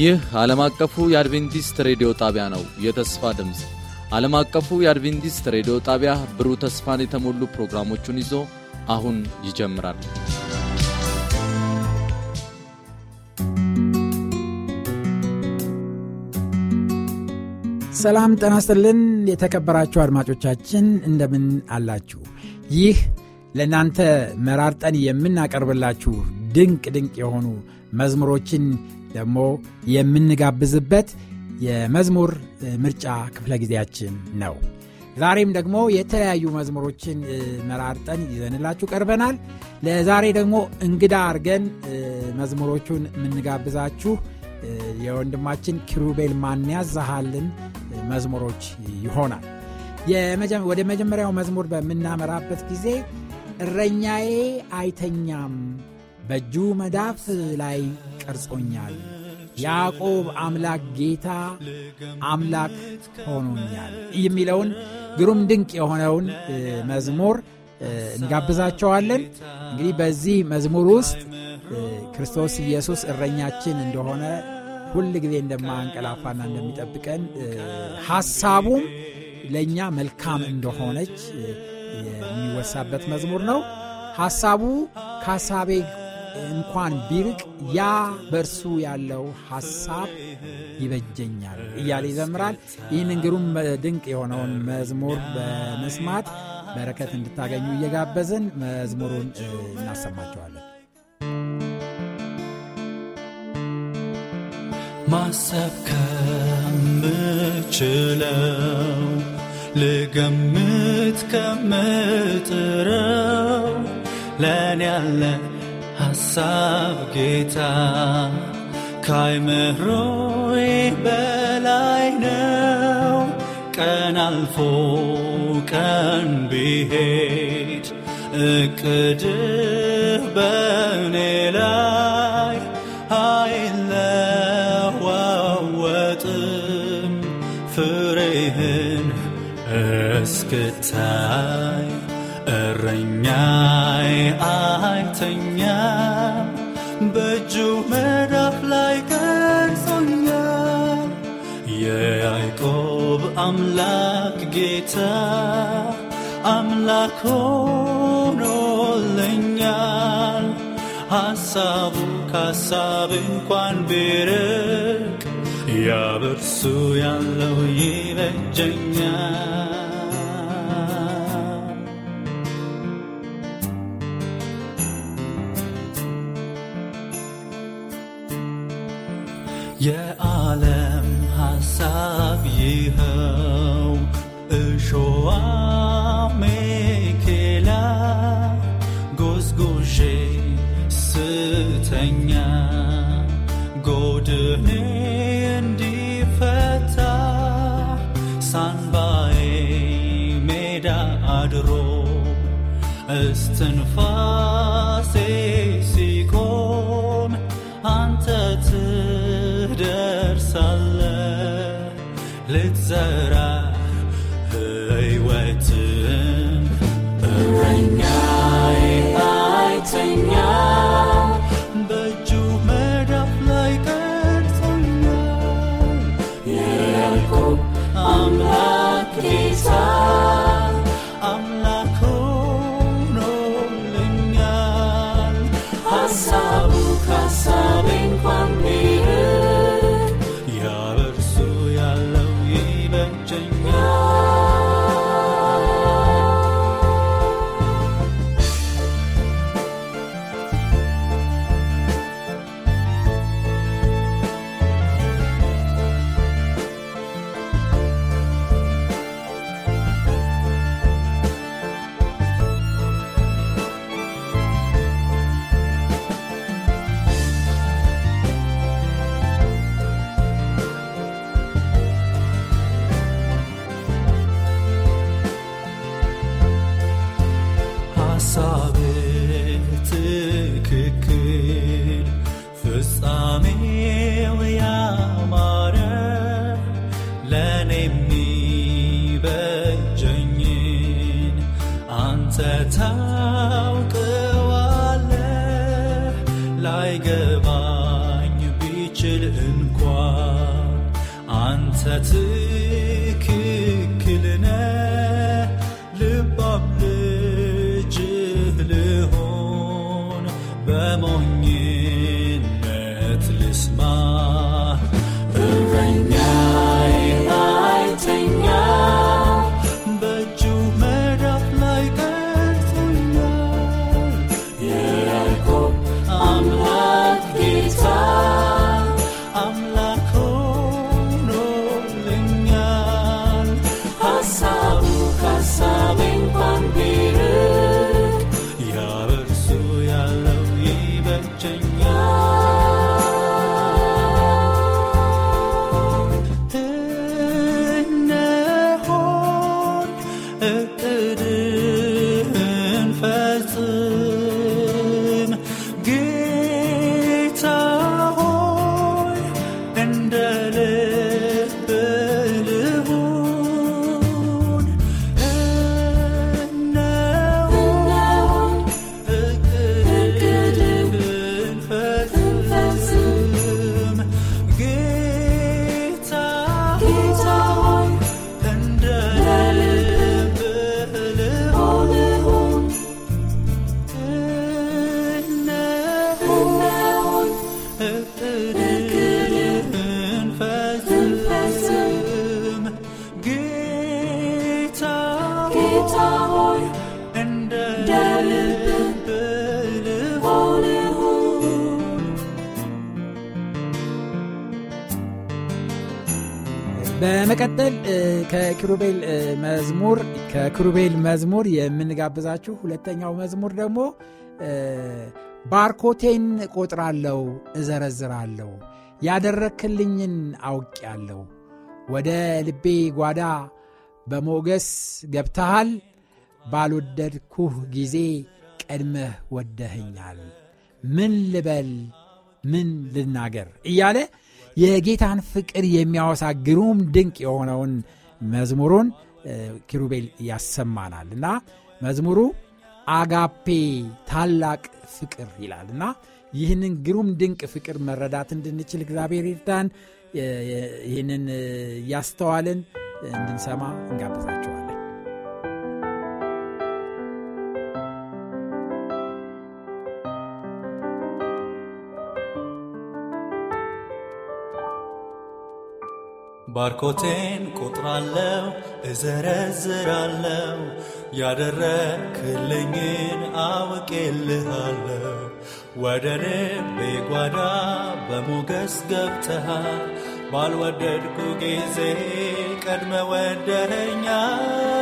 ይህ ዓለም አቀፉ የአድቬንቲስት ሬዲዮ ጣቢያ ነው። የተስፋ ድምፅ ዓለም አቀፉ የአድቬንቲስት ሬዲዮ ጣቢያ ብሩህ ተስፋን የተሞሉ ፕሮግራሞቹን ይዞ አሁን ይጀምራል። ሰላም ጠናስጥልን የተከበራችሁ አድማጮቻችን እንደምን አላችሁ? ይህ ለእናንተ መራርጠን የምናቀርብላችሁ ድንቅ ድንቅ የሆኑ መዝሙሮችን ደግሞ የምንጋብዝበት የመዝሙር ምርጫ ክፍለ ጊዜያችን ነው። ዛሬም ደግሞ የተለያዩ መዝሙሮችን መራርጠን ይዘንላችሁ ቀርበናል። ለዛሬ ደግሞ እንግዳ አርገን መዝሙሮቹን የምንጋብዛችሁ የወንድማችን ኪሩቤል ማንያዛሃልን መዝሙሮች ይሆናል። ወደ መጀመሪያው መዝሙር በምናመራበት ጊዜ እረኛዬ አይተኛም በእጁ መዳፍ ላይ ቀርጾኛል። ያዕቆብ አምላክ ጌታ አምላክ ሆኖኛል የሚለውን ግሩም ድንቅ የሆነውን መዝሙር እንጋብዛቸዋለን። እንግዲህ በዚህ መዝሙር ውስጥ ክርስቶስ ኢየሱስ እረኛችን እንደሆነ ሁል ጊዜ እንደማንቀላፋና እንደሚጠብቀን ሐሳቡም ለእኛ መልካም እንደሆነች የሚወሳበት መዝሙር ነው። ሐሳቡ ከሐሳቤ እንኳን ቢርቅ ያ በእርሱ ያለው ሐሳብ ይበጀኛል እያለ ይዘምራል። ይህን እንግሩም ድንቅ የሆነውን መዝሙር በመስማት በረከት እንድታገኙ እየጋበዝን መዝሙሩን እናሰማቸዋለን። ማሰብ ከምችለው ልገምት ከምጥረው ለእኔ ያለን ሐሳብ ጌታ ካይምሮዬ በላይ ነው። ቀን አልፎ ቀን ቢሄድ እቅድህ በእኔ ላይ አይለዋወጥም። ፍሬህን እስክታይ እረኛይ አይተኛ በእጁ መዳፍ ላይ ቀርጾኛል። የያዕቆብ አምላክ ጌታ አምላክ ሆኖልኛል። ሐሳቡ ከሐሳብ እንኳን ቢርቅ ያበርሱ ያለው ይበጀኛል። አድሮ እስትንፋሴ ከክሩቤል መዝሙር የምንጋብዛችሁ ሁለተኛው መዝሙር ደግሞ ባርኮቴን ቆጥራለው እዘረዝራለው ያደረክልኝን አውቄያለሁ። ወደ ልቤ ጓዳ በሞገስ ገብተሃል፣ ባልወደድኩህ ጊዜ ቀድመህ ወደህኛል? ምን ልበል ምን ልናገር እያለ የጌታን ፍቅር የሚያወሳ ግሩም ድንቅ የሆነውን መዝሙሩን ኪሩቤል ያሰማናል እና መዝሙሩ አጋፔ ታላቅ ፍቅር ይላል እና ይህንን ግሩም ድንቅ ፍቅር መረዳት እንድንችል እግዚአብሔር ይርዳን። ይህንን እያስተዋልን እንድንሰማ እንጋብዛቸዋል። ባርኮቴን ቆጥራለው እዘረዝራለው ያደረክልኝን አውቄልሃለው ወደ ልቤ ጓዳ በሞገስ ገብተሃል ባልወደድኩ ጊዜ ቀድመ ወደኸኛል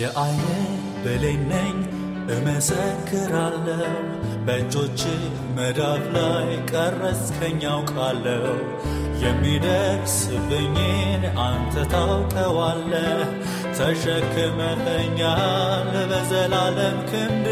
የአይነ በሌን ነኝ እመሰክራለሁ በእጆች መዳፍ ላይ ቀረጽከኝ አውቃለሁ የሚደርስብኝን አንተ ታውቀዋለህ ተሸክመለኛል በዘላለም ክንድ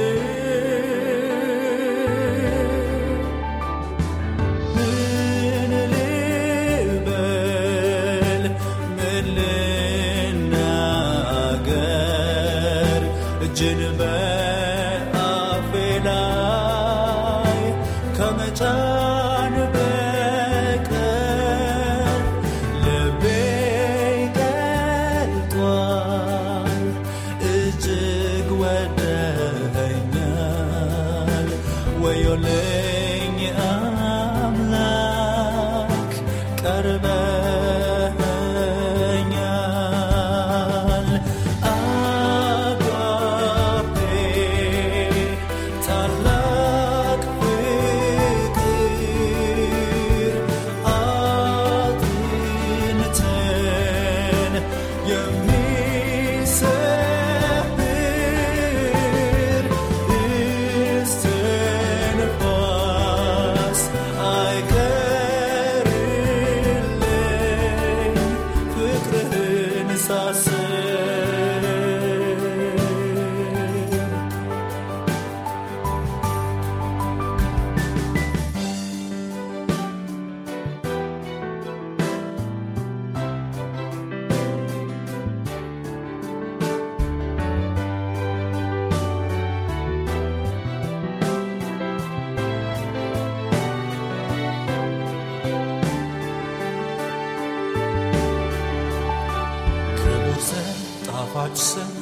ስም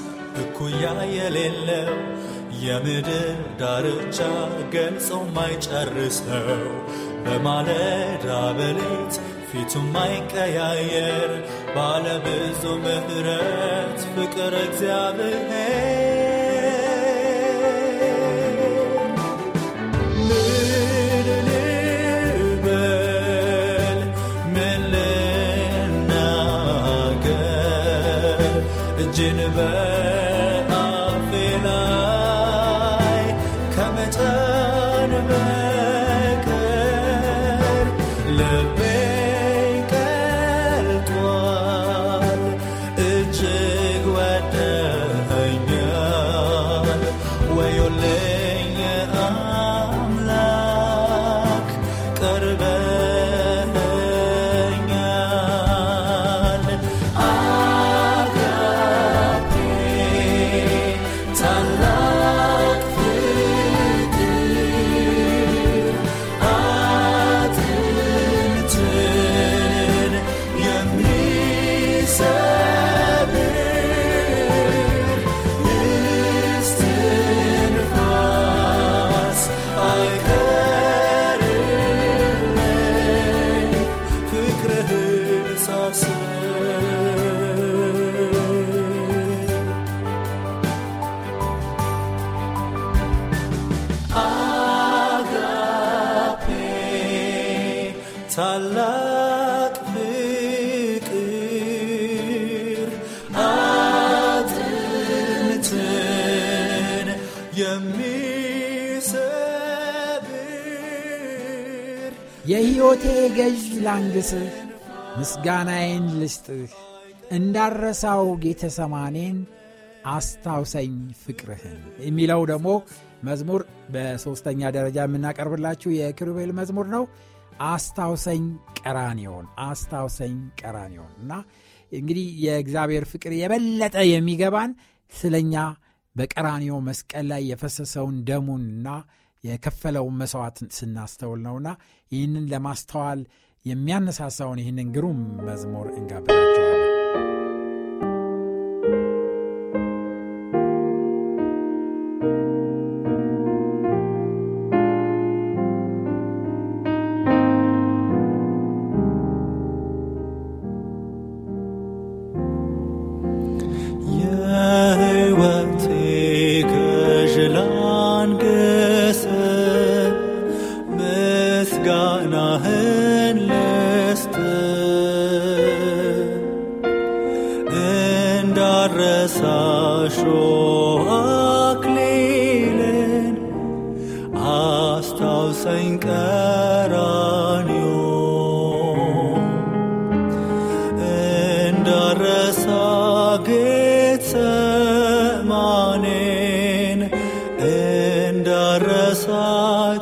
እኩያ የሌለው የምድር ዳርቻ ገልጾ ማይጨርሰው በማለዳ በሌት ፊቱ ማይቀያየር ባለብዙ ምሕረት ፍቅር እግዚአብሔር ከመጠን በቀር ልብ ታላቅ ፍቅር አጥንትን የሚሰብር የሕይወቴ ገዥ ላንግስህ ምስጋናዬን ልስጥህ እንዳረሳው ጌተሰማኔን አስታውሰኝ ፍቅርህን የሚለው ደግሞ መዝሙር በሦስተኛ ደረጃ የምናቀርብላችሁ የክሩቤል መዝሙር ነው። አስታውሰኝ ቀራንዮን አስታውሰኝ ቀራንዮን እና እንግዲህ የእግዚአብሔር ፍቅር የበለጠ የሚገባን ስለኛ በቀራኒዮ መስቀል ላይ የፈሰሰውን ደሙንና የከፈለውን መስዋዕት ስናስተውል ነውና ይህንን ለማስተዋል የሚያነሳሳውን ይህንን ግሩም መዝሙር እንጋብዛቸዋለን።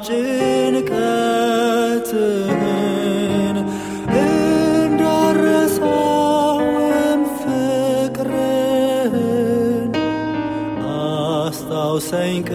ጭንቀትህን እንዳረሳውም ፍቅርህን አስታውሰኝ ቀ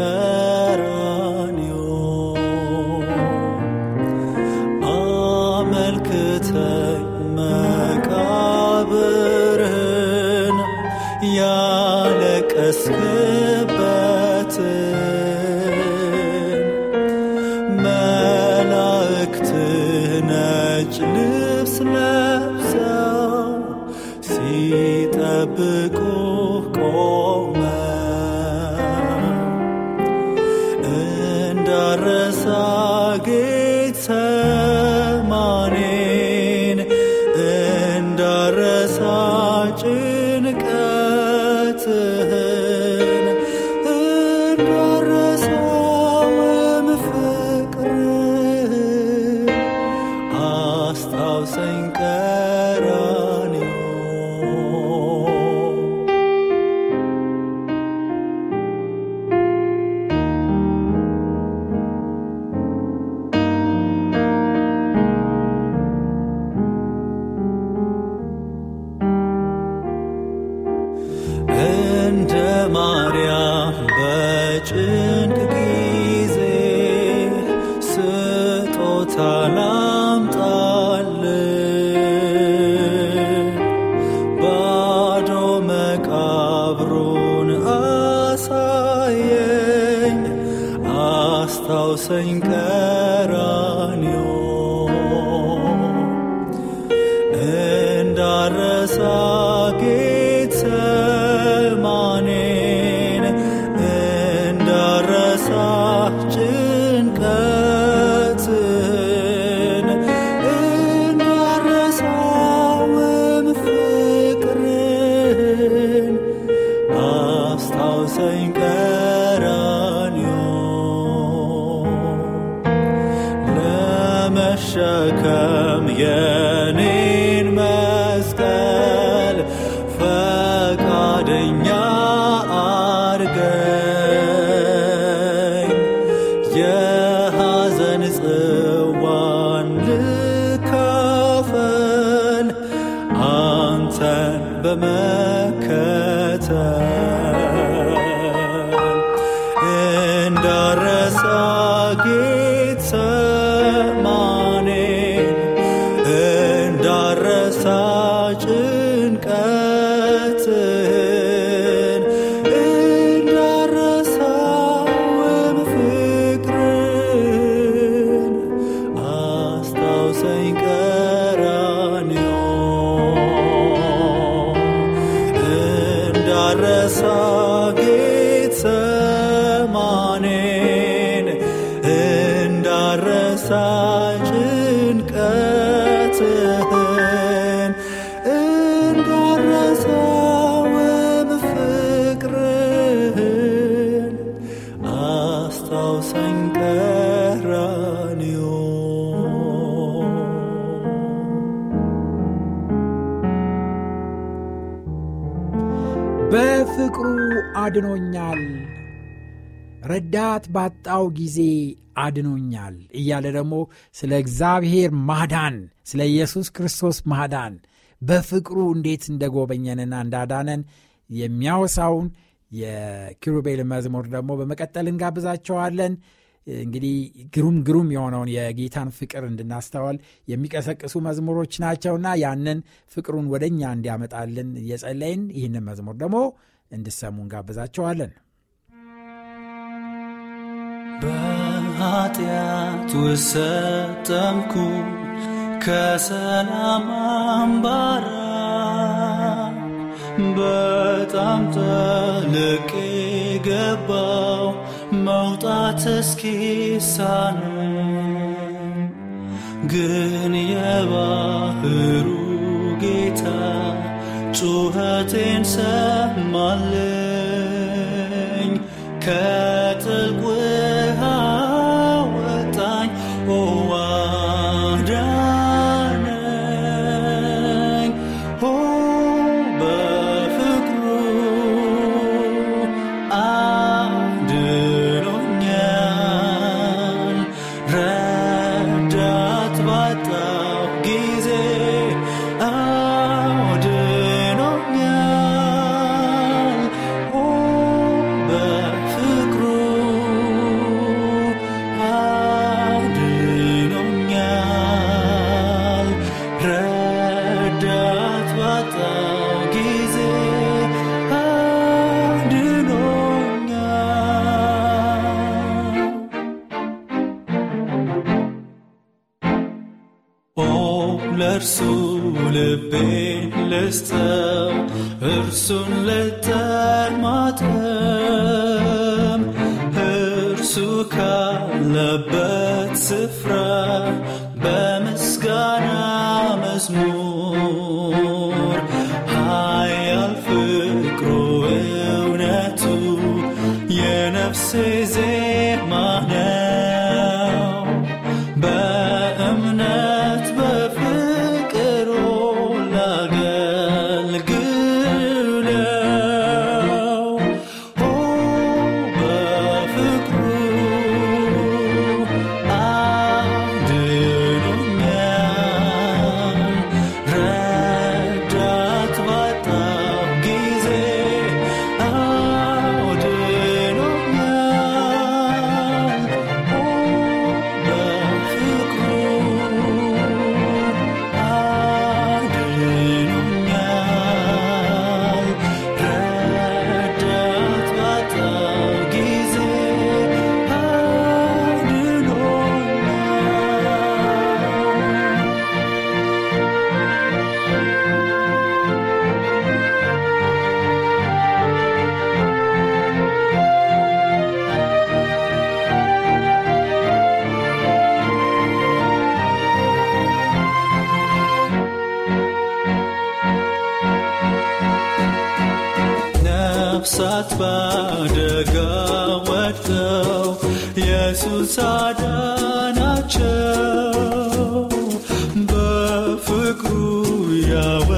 that on your በፍቅሩ አድኖኛል ረዳት ባጣው ጊዜ አድኖኛል እያለ ደግሞ ስለ እግዚአብሔር ማዳን ስለ ኢየሱስ ክርስቶስ ማዳን በፍቅሩ እንዴት እንደጎበኘንና እንዳዳነን የሚያወሳውን የኪሩቤል መዝሙር ደግሞ በመቀጠል እንጋብዛቸዋለን እንግዲህ ግሩም ግሩም የሆነውን የጌታን ፍቅር እንድናስተዋል የሚቀሰቅሱ መዝሙሮች ናቸውና ያንን ፍቅሩን ወደኛ እንዲያመጣልን የጸለይን ይህንን መዝሙር ደግሞ እንድሰሙ እንጋብዛቸዋለን። በኃጢአት ውሰጠምኩ ከሰላም አምባራ በጣም ተልቄ ገባው መውጣት እስኪሳን ግን የባህሩ ጌታ ጩኸቴን ሰማልኝ እርሱ ልቤን ልስጠው እርሱን ልጠን ማጠም እርሱ ካለበት ስፍራ ኢየሱስ አዳናቸው በፍቅሩ ያወ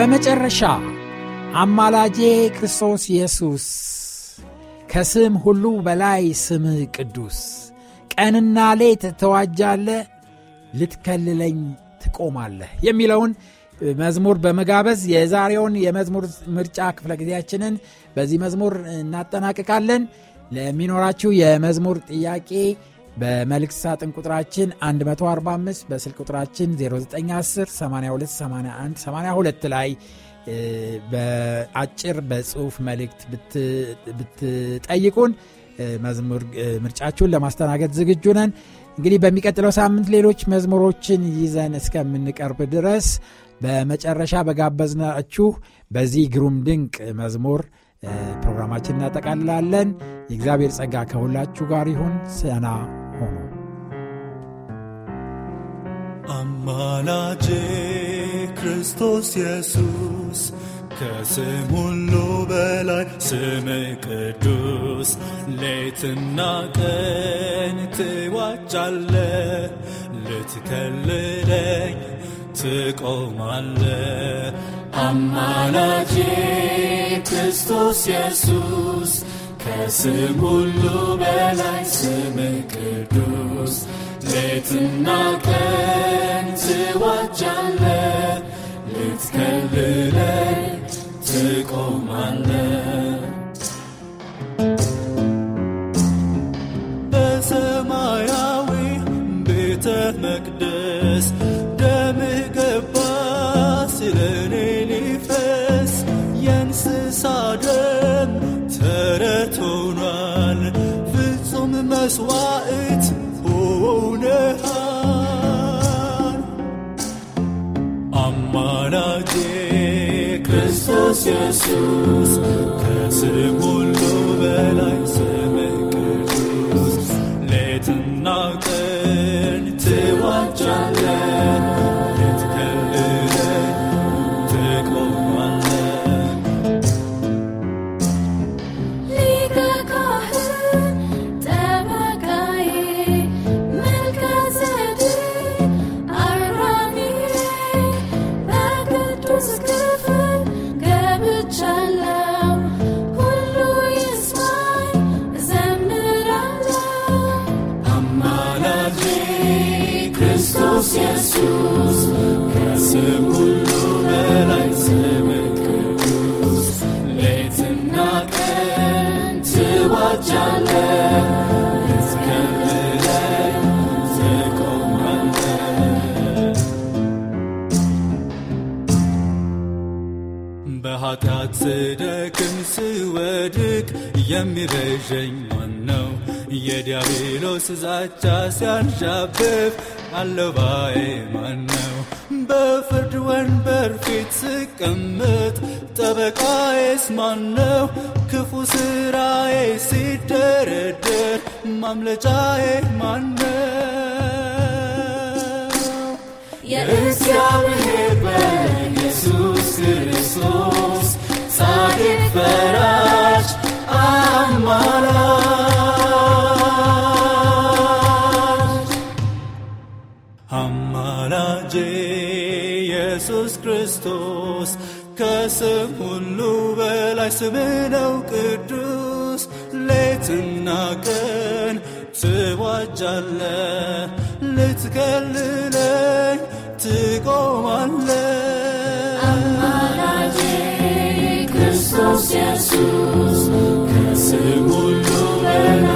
በመጨረሻ አማላጄ ክርስቶስ ኢየሱስ ከስም ሁሉ በላይ ስም ቅዱስ ቀንና ሌት ተዋጃለ ልትከልለኝ ትቆማለህ የሚለውን መዝሙር በመጋበዝ የዛሬውን የመዝሙር ምርጫ ክፍለ ጊዜያችንን በዚህ መዝሙር እናጠናቅቃለን ለሚኖራችሁ የመዝሙር ጥያቄ በመልእክት ሳጥን ቁጥራችን 145 በስልክ ቁጥራችን 0910 828182 ላይ በአጭር በጽሁፍ መልእክት ብትጠይቁን መዝሙር ምርጫችሁን ለማስተናገድ ዝግጁ ነን። እንግዲህ በሚቀጥለው ሳምንት ሌሎች መዝሙሮችን ይዘን እስከምንቀርብ ድረስ በመጨረሻ በጋበዝናችሁ በዚህ ግሩም ድንቅ መዝሙር ፕሮግራማችን እናጠቃልላለን። የእግዚአብሔር ጸጋ ከሁላችሁ ጋር ይሁን። ሰና ሆኑ። አማላጄ ክርስቶስ ኢየሱስ ከስም ሁሉ በላይ ስም ቅዱስ፣ ሌትና ቀን ትዋጫለ፣ ልትከልለኝ ትቆማለ። አማላጄ ክርስቶስ ኢየሱስ ከስም ሁሉ በላይ ስም ቅዱስ ሌትና ቀን ትዋጃለ ልትከልለን ትቆማለን ኢየሱስ ከስም ሁሉ በላይ ማን ማነው? በፍርድ ወንበር ፊት ስቀምጥ ጠበቃዬስ ነው ክፉ ስራዬ ሲደረደር ማምለጫዬ ማነው? የእግዚአብሔር በኢየሱስ ክርስቶስ ጻድቅ ፈራጅ አማላ ክርስቶስ ከስም ሁሉ በላይ ስምህ ነው ቅዱስ። ሌትና ቀን ትዋጃለ፣ ልትከልለኝ ትቆማለ። አማራጄ ክርስቶስ ኢየሱስ ከስም ሁሉ በላይ